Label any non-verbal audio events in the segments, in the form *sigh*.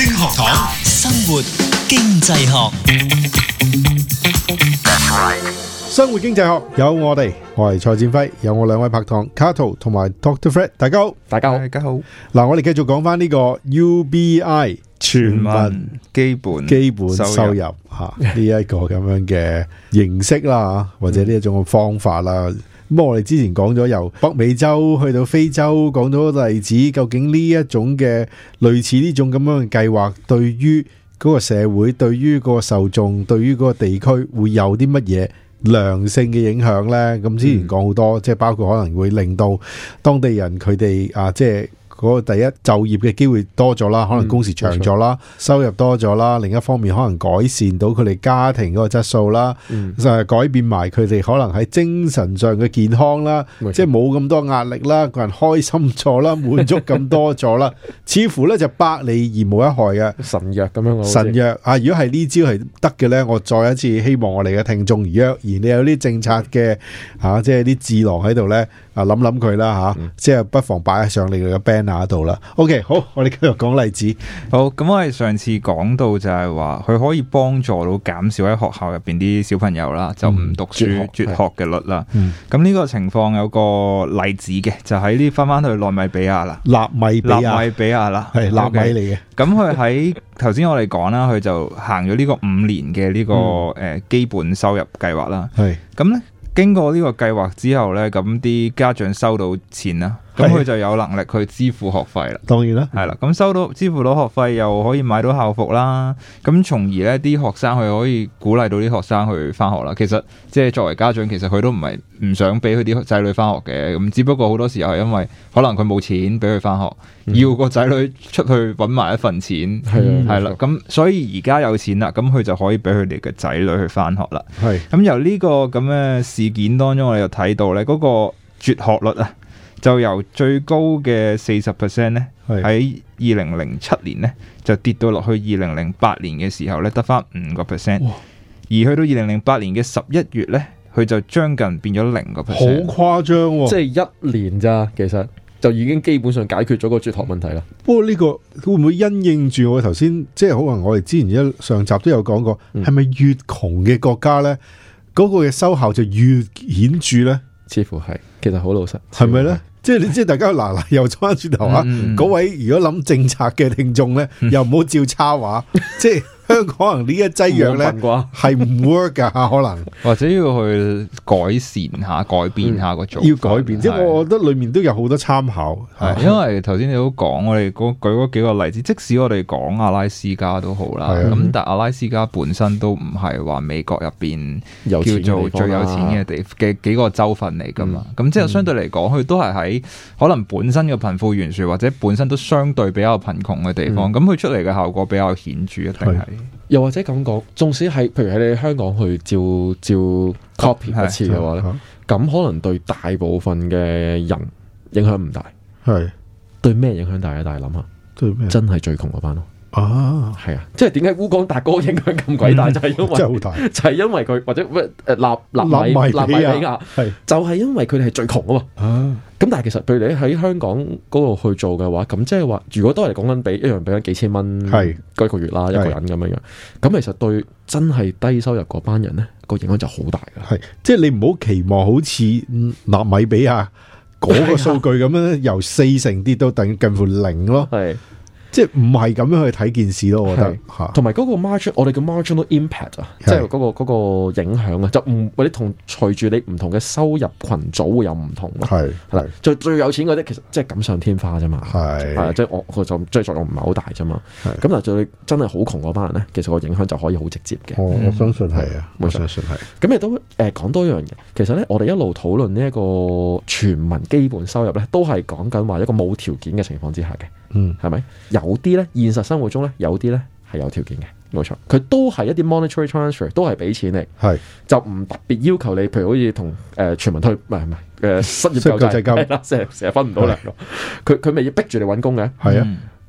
學生活經濟學，生活經濟學有我哋，我係蔡展輝，有我兩位拍檔，Cato 同埋 Doctor Fred，大家好，大家好，大家好。嗱，我哋繼續講翻呢個 UBI 全民 500, 000，基本基本收入吓呢一個咁樣嘅形式啦， *laughs* 或者呢一種方法啦。嗯咁我哋之前講咗由北美洲去到非洲講咗例子，究竟呢一種嘅類似呢種咁樣嘅計劃，對於嗰個社會、對於嗰個受眾、對於嗰個地區，會有啲乜嘢良性嘅影響呢？咁之前講好多，即係、嗯、包括可能會令到當地人佢哋啊，即係。嗰個第一就業嘅機會多咗啦，可能工時長咗啦，嗯、收入多咗啦，另一方面可能改善到佢哋家庭嗰個質素啦，就係、嗯、改變埋佢哋可能喺精神上嘅健康啦，錯即係冇咁多壓力啦，個人開心咗啦，滿足咁多咗啦， *laughs* 似乎咧就百利而無一害嘅神藥咁樣神藥，神藥啊！如果係呢招係得嘅咧，我再一次希望我哋嘅聽眾，如約而，你有啲政策嘅吓、啊，即係啲智囊喺度咧。啊諗諗佢啦吓，即係不妨擺喺上你哋嘅 banner 度啦。OK，好，我哋繼續講例子。好，咁我哋上次講到就係話，佢可以幫助到減少喺學校入邊啲小朋友啦，就唔讀書輟學嘅率啦。咁呢個情況有個例子嘅，就喺呢翻翻去納米比亞啦，納米納米比亞啦，係納米嚟嘅。咁佢喺頭先我哋講啦，佢就行咗呢個五年嘅呢個誒基本收入計劃啦。係咁咧。經過呢個計劃之後呢，咁啲家長收到錢啦。咁佢就有能力去支付學費啦，當然啦，係啦。咁收到支付到學費，又可以買到校服啦。咁從而呢啲學生佢可以鼓勵到啲學生去翻學啦。其實即係作為家長，其實佢都唔係唔想俾佢啲仔女翻學嘅，咁只不過好多時候係因為可能佢冇錢俾佢翻學，嗯、要個仔女出去揾埋一份錢，係係啦。咁所以而家有錢啦，咁佢就可以俾佢哋嘅仔女去翻學啦。係咁的由呢個咁嘅事件當中，我哋又睇到咧嗰、嗰個絕學率啊。就由最高嘅四十 percent 咧，喺二零零七年咧就跌到落去二零零八年嘅時候咧，得返五個 percent，而去到二零零八年嘅十一月咧，佢就將近變咗零個 percent，好誇張，誇張哦、即係一年咋，其實就已經基本上解決咗個絕學問題啦。不過呢、這個會唔會因應住我頭先，即係可能我哋之前一上集都有講過，係咪、嗯、越窮嘅國家咧，嗰、那個嘅收效就越顯著咧？似乎係，其實好老實，係咪咧？是即係你知，大家嗱嗱又轉翻轉頭啊！嗰、嗯、位如果諗政策嘅聽眾咧，又唔好照抄話， *laughs* 即係。 *laughs* 香港可能呢一劑藥咧，哇，係唔 work 㗎？可能或者要去改善下、改變下個組。要改變因為係是我覺得裡面都有好多參考，係因為頭先你都講我哋講舉嗰幾個例子，即使我哋講阿拉斯加都好啦，咁、啊嗯、但阿拉斯加本身都唔係話美國入邊叫做最有錢嘅地嘅、啊、幾個州份嚟㗎嘛。咁、嗯嗯、即係相對嚟講，佢都係喺可能本身嘅貧富懸殊，或者本身都相對比較貧窮嘅地方。咁佢、嗯嗯、出嚟嘅效果比較顯著，一定係的。又或者咁講，縱使係，譬如喺你香港去照照 copy 一次嘅話咧，咁可能對大部分嘅人影響唔大。係是對咩影響大啊？大家諗下，對咩？真係最窮嗰班咯。 *music* 啊，係啊，即係點解烏江達哥影響咁鬼大，嗯、就係因為真係好大， *laughs* 就係因為佢或者咩誒納納米納米比亞係，就係因為佢哋係最窮啊嘛。咁但係其實譬如你喺香港嗰度去做嘅話，咁即係話如果都係講緊俾一樣俾緊幾千蚊係，嗰一個月啦一個人咁是、嗯、樣，咁其實對真係低收入嗰班人咧個影響就好大噶。係，即係你唔好期望好似納米比亞嗰個數據咁樣，啊、由四成跌到等近乎零咯。係、啊。即係唔係咁樣去睇件事咯，我覺得。同埋嗰個 margin，我哋嘅 marginal impact 啊是，即係嗰、嗰個、嗰個影響啊，就唔或者同隨住你唔同嘅收入群組會有唔同咯。係，係最最有錢嗰啲其實即係錦上添花啫嘛。係是，係即係我佢就最作用唔係好大啫嘛。係是，咁嗱，最真係好窮嗰班人咧，其實個影響就可以好直接嘅，哦。我相信係啊，我相信係。咁亦都誒講、呃、多一樣嘢。其實咧我哋一路討論呢一個全民基本收入咧，都係講緊話一個冇條件嘅情況之下嘅。嗯是是，係咪有啲咧？現實生活中咧，有啲咧係有條件嘅，冇錯。佢都係一啲 monetary transfer，都係俾錢你，係是就唔特別要求你。譬如好似同誒全民退，唔係唔係誒失業救濟金，成日成日分唔到糧。佢佢咪要逼住你搵工嘅，係啊。嗯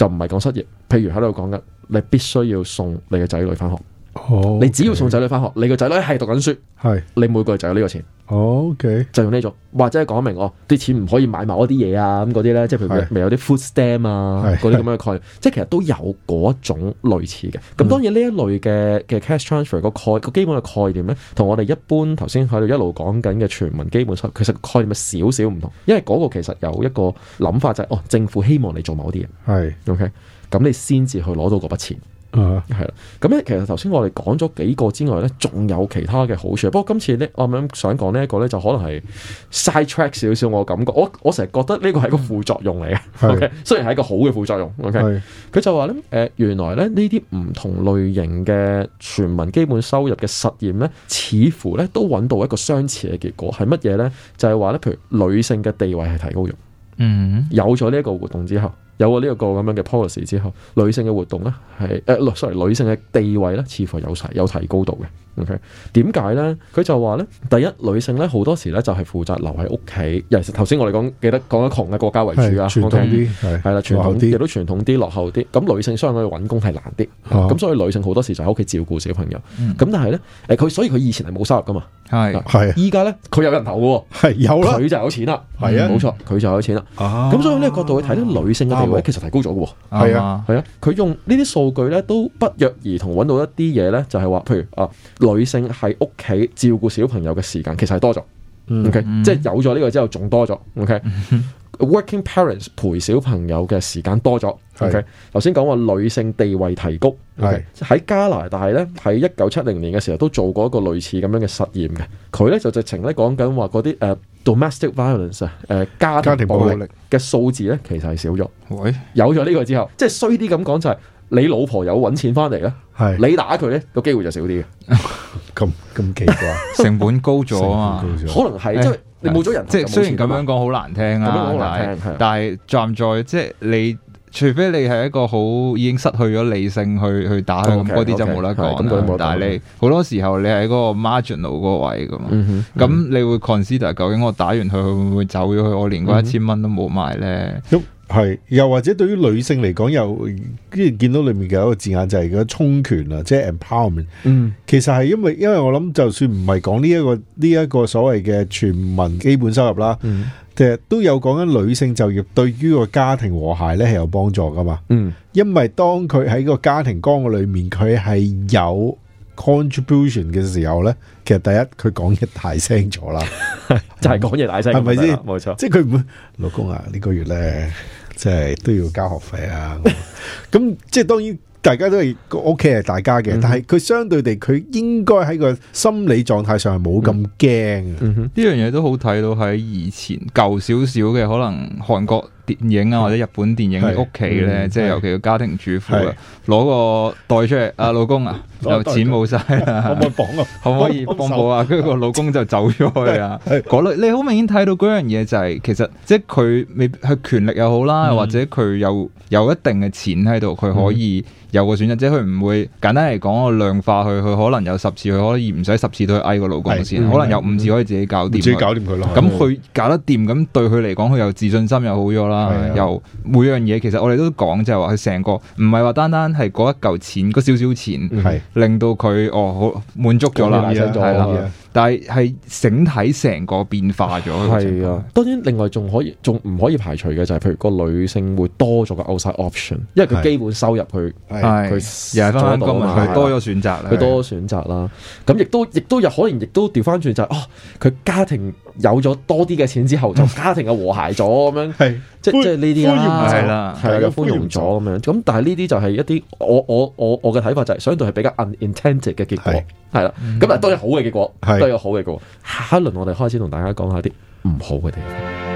就唔係講失業，譬如喺度講緊，你必須要送你嘅仔女返學。Okay. 你只要送仔女翻學，你個仔女係讀緊書，係 Yes. 你每個月就有呢個錢。O Okay . K. 就用呢種，或者講明哦，啲錢唔可以買某一啲嘢啊，咁嗰啲咧，即係譬如未 Yes. 有啲 food stamp 啊，嗰啲咁樣嘅概念，Yes. 即係其實都有嗰一種類似嘅。咁 Yes. 當然呢一類嘅嘅 cash transfer 嗰概個基本嘅概念咧，同我哋一般頭先喺度一路講緊嘅全民基本收入其實概念有少少唔同，因為嗰個其實有一個諗法就係、是、哦，政府希望你做某啲嘢，係 O K. 咁你先至去攞到嗰筆錢。嗯，係啦，咁咧，其實頭先我哋講咗幾個之外咧，仲有其他嘅好處。不過今次咧，我想講呢一個咧，就可能係 side track 少少。我感覺，我我成日覺得呢個係個副作用嚟嘅。是 o、okay? 雖然係一個好嘅副作用。OK，佢是就話咧，誒、呃，原來咧呢啲唔同類型嘅全民基本收入嘅實驗咧，似乎咧都搵到一個相似嘅結果。係乜嘢咧？就係話咧，譬如女性嘅地位係提高咗。嗯，有咗呢一個活動之後。有咗呢個咁樣嘅 policy 之後，女性嘅活動咧係，誒，sorry，女性嘅地位咧似乎有提有提高到嘅。O.K. 點解咧？佢就話咧，第一，女性咧好多時咧就係負責留喺屋企。尤其是頭先我哋講，記得講緊窮嘅國家為主啊，傳統啲係係啦，傳統啲亦都傳統啲落後啲。咁女性相對揾工係難啲，咁所以女性好多時就喺屋企照顧小朋友。咁但係咧，誒佢所以佢以前係冇收入噶嘛，係係。依家咧佢有人頭喎，有啦，佢就有錢啦，係啊冇錯，佢就有錢啦。咁所以呢個角度去睇咧，女性嘅地位其實提高咗嘅喎，係啊係啊。佢用呢啲數據咧，都不約而同揾到一啲嘢咧，就係話，譬如啊。女性喺屋企照顧小朋友嘅時間其實係多咗，OK，、嗯、即係有咗呢個之後仲多咗，OK。 *laughs* Working parents 陪小朋友嘅時間多咗，OK 是。頭先講話女性地位提高，係、okay? 喺是加拿大咧喺一九七零年嘅時候都做過一個類似咁樣嘅實驗嘅，佢咧就直情咧講緊話嗰啲誒 domestic violence 誒家庭暴力嘅數字咧其實係少咗，喂，有咗呢個之後，即係衰啲咁講就係、是、你老婆有搵錢翻嚟咧，係是你打佢咧個機會就少啲嘅。 *laughs* 咁咁奇怪， *laughs* 成本高咗啊嘛，可能係即係你冇咗人，即係雖然咁樣講好難聽啊是，是的 但係站在即係你，除非你係一個好已經失去咗理性去去打佢咁，嗰啲 Okay 就冇得講 okay。得但係你好多時候你喺嗰個 marginal 嗰位咁啊、嗯，咁、嗯、你會 consider 究竟我打完佢會唔會走咗去，我連嗰一千蚊都冇埋咧。嗯係，又或者對於女性嚟講，又跟住見到裡面嘅一個字眼就係充權啊，即係 empowerment。嗯，其實係因為因為我諗，就算唔係講呢一個呢一個所謂嘅全民基本收入啦，其實都有講緊女性就業對於個家庭和諧咧係有幫助噶嘛。嗯，因為當佢喺個家庭崗嘅裏面，佢係有，Contribution 嘅時候咧，其實第一佢講嘢大聲咗啦， *laughs* 就係講嘢大聲，係咪先？冇錯，沒錯 *laughs* 即係佢唔，老公啊，呢個月咧，即係都要交學費啊。咁 *laughs* 即係當然，大家都係個屋企係大家嘅，但係佢相對地，佢應該喺個心理狀態上係冇咁驚。呢樣嘢都好睇到喺以前舊少少嘅，可能韓國電影啊，或者日本電影嘅屋企咧，即係尤其個家庭主婦啊，攞個袋出嚟，阿老公啊，又錢冇晒啦，可唔可以幫啊？可唔可以幫我啊？跟住個老公就走咗去啊！嗰類你好明顯睇到嗰樣嘢就係，其實即係佢未必權力又好啦，或者佢有有一定嘅錢喺度，佢可以有個選擇，即係佢唔會簡單嚟講個量化佢，佢可能有十次佢可以唔使十次都去嗌個老公先，可能有五次可以自己搞掂，自己搞掂佢咯。咁佢搞得掂，咁對佢嚟講，佢有自信心又好咗啦。啊！又每樣嘢，其實我哋都講就係話，佢成個唔係話單單係嗰一嚿錢，嗰少少錢，嗯、令到佢哦好滿足咗啦，係啦，啊。的但係係整體成個變化咗，係啊。當然另外仲可以仲唔可以排除嘅就係，譬如個女性會多咗個 outside option，因為佢基本收入佢係，佢又係翻翻工，佢多咗選擇，佢多咗選擇啦。咁亦都亦都有可能，亦都調翻轉就係哦，佢家庭有咗多啲嘅錢之後，就家庭嘅和諧咗咁樣，即即係呢啲啦，係啦，係又寬容咗咁樣。咁但係呢啲就係一啲我我我我嘅睇法就係，相對係比較 unintended 嘅結果，係啦。咁啊當然好嘅結果 *noise* 都有好嘅，下一輪我哋開始同大家講下啲唔好嘅地方。